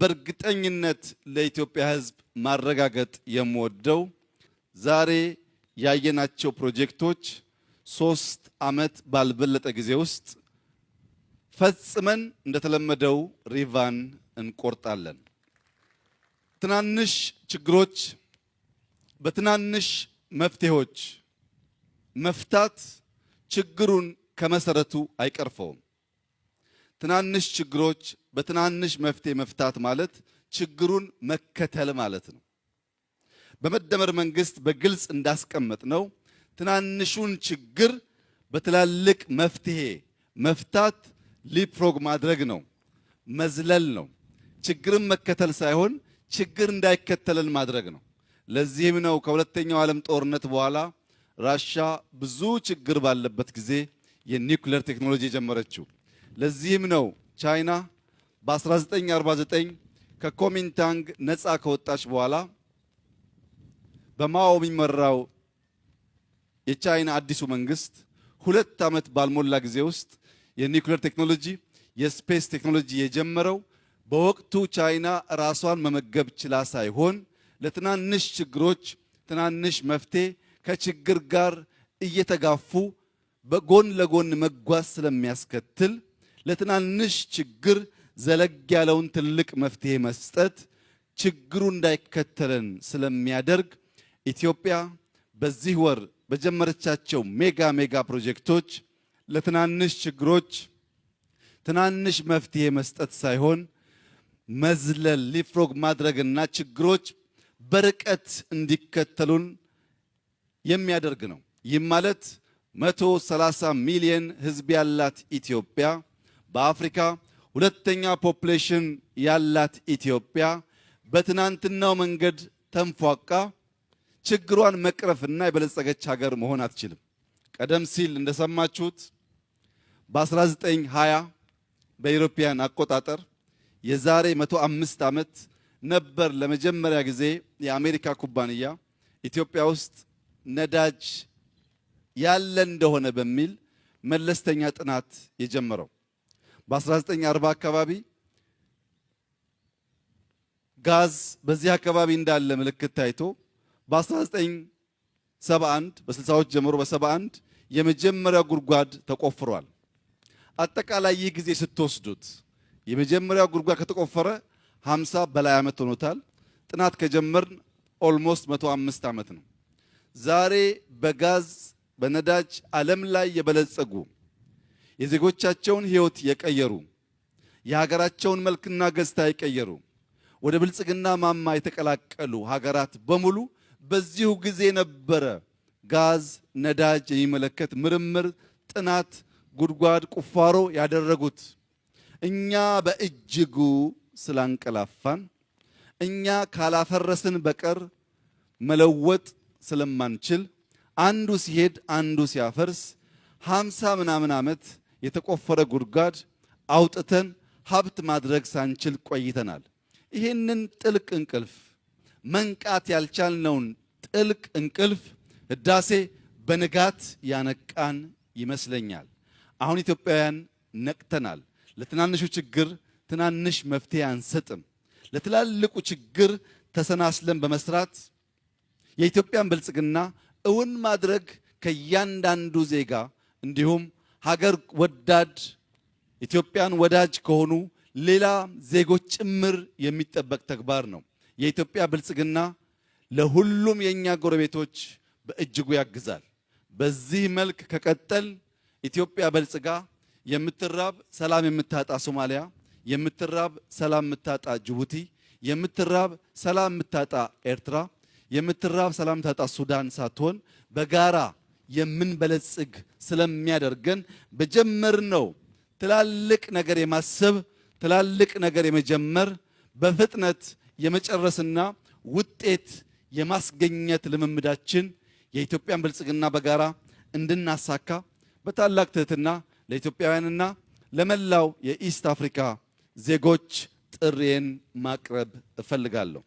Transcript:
በእርግጠኝነት ለኢትዮጵያ ሕዝብ ማረጋገጥ የምወደው ዛሬ ያየናቸው ፕሮጀክቶች ሶስት ዓመት ባልበለጠ ጊዜ ውስጥ ፈጽመን እንደተለመደው ሪቫን እንቆርጣለን። ትናንሽ ችግሮች በትናንሽ መፍትሄዎች መፍታት ችግሩን ከመሰረቱ አይቀርፈውም። ትናንሽ ችግሮች በትናንሽ መፍትሄ መፍታት ማለት ችግሩን መከተል ማለት ነው። በመደመር መንግስት በግልጽ እንዳስቀመጥ ነው ትናንሹን ችግር በትላልቅ መፍትሄ መፍታት ሊፕሮግ ማድረግ ነው፣ መዝለል ነው። ችግርን መከተል ሳይሆን ችግር እንዳይከተልን ማድረግ ነው። ለዚህም ነው ከሁለተኛው ዓለም ጦርነት በኋላ ራሻ ብዙ ችግር ባለበት ጊዜ የኒውክሌር ቴክኖሎጂ የጀመረችው። ለዚህም ነው ቻይና በ1949 ከኮሚንታንግ ነፃ ከወጣች በኋላ በማኦ የሚመራው የቻይና አዲሱ መንግስት ሁለት ዓመት ባልሞላ ጊዜ ውስጥ የኒውክሌር ቴክኖሎጂ፣ የስፔስ ቴክኖሎጂ የጀመረው በወቅቱ ቻይና ራሷን መመገብ ችላ ሳይሆን ለትናንሽ ችግሮች ትናንሽ መፍትሄ ከችግር ጋር እየተጋፉ በጎን ለጎን መጓዝ ስለሚያስከትል ለትናንሽ ችግር ዘለግ ያለውን ትልቅ መፍትሄ መስጠት ችግሩ እንዳይከተለን ስለሚያደርግ ኢትዮጵያ በዚህ ወር በጀመረቻቸው ሜጋ ሜጋ ፕሮጀክቶች ለትናንሽ ችግሮች ትናንሽ መፍትሄ መስጠት ሳይሆን መዝለል ሊፍሮግ ማድረግና ችግሮች በርቀት እንዲከተሉን የሚያደርግ ነው። ይህም ማለት 130 ሚሊዮን ህዝብ ያላት ኢትዮጵያ በአፍሪካ ሁለተኛ ፖፕሌሽን ያላት ኢትዮጵያ በትናንትናው መንገድ ተንፏቃ ችግሯን መቅረፍና የበለጸገች ሀገር መሆን አትችልም። ቀደም ሲል እንደሰማችሁት በ1920 በኢሮፒያን አቆጣጠር የዛሬ 105 ዓመት ነበር ለመጀመሪያ ጊዜ የአሜሪካ ኩባንያ ኢትዮጵያ ውስጥ ነዳጅ ያለ እንደሆነ በሚል መለስተኛ ጥናት የጀመረው። በ1940 አካባቢ ጋዝ በዚህ አካባቢ እንዳለ ምልክት ታይቶ በ1971 በ60ዎች ጀምሮ በ71 የመጀመሪያ ጉድጓድ ተቆፍሯል። አጠቃላይ ይህ ጊዜ ስትወስዱት የመጀመሪያው ጉድጓድ ከተቆፈረ 50 በላይ ዓመት ሆኖታል። ጥናት ከጀመርን ኦልሞስት 105 ዓመት ነው። ዛሬ በጋዝ በነዳጅ ዓለም ላይ የበለጸጉ የዜጎቻቸውን ሕይወት የቀየሩ የሀገራቸውን መልክና ገጽታ የቀየሩ ወደ ብልጽግና ማማ የተቀላቀሉ ሀገራት በሙሉ በዚሁ ጊዜ ነበረ ጋዝ፣ ነዳጅ የሚመለከት ምርምር፣ ጥናት፣ ጉድጓድ ቁፋሮ ያደረጉት። እኛ በእጅጉ ስላንቀላፋን፣ እኛ ካላፈረስን በቀር መለወጥ ስለማንችል አንዱ ሲሄድ አንዱ ሲያፈርስ ሀምሳ ምናምን ዓመት የተቆፈረ ጉድጓድ አውጥተን ሀብት ማድረግ ሳንችል ቆይተናል። ይህንን ጥልቅ እንቅልፍ መንቃት ያልቻልነውን ጥልቅ እንቅልፍ ህዳሴ በንጋት ያነቃን ይመስለኛል። አሁን ኢትዮጵያውያን ነቅተናል። ለትናንሹ ችግር ትናንሽ መፍትሄ አንሰጥም። ለትላልቁ ችግር ተሰናስለን በመስራት የኢትዮጵያን ብልጽግና እውን ማድረግ ከእያንዳንዱ ዜጋ እንዲሁም ሀገር ወዳድ ኢትዮጵያን ወዳጅ ከሆኑ ሌላ ዜጎች ጭምር የሚጠበቅ ተግባር ነው። የኢትዮጵያ ብልጽግና ለሁሉም የእኛ ጎረቤቶች በእጅጉ ያግዛል። በዚህ መልክ ከቀጠል ኢትዮጵያ በልጽጋ የምትራብ ሰላም የምታጣ ሶማሊያ፣ የምትራብ ሰላም የምታጣ ጅቡቲ፣ የምትራብ ሰላም የምታጣ ኤርትራ፣ የምትራብ ሰላም የምታጣ ሱዳን ሳትሆን በጋራ የምንበለጽግ ስለሚያደርገን በጀመርነው ትላልቅ ነገር የማሰብ ትላልቅ ነገር የመጀመር በፍጥነት የመጨረስና ውጤት የማስገኘት ልምምዳችን የኢትዮጵያን ብልጽግና በጋራ እንድናሳካ በታላቅ ትህትና ለኢትዮጵያውያንና ለመላው የኢስት አፍሪካ ዜጎች ጥሪዬን ማቅረብ እፈልጋለሁ።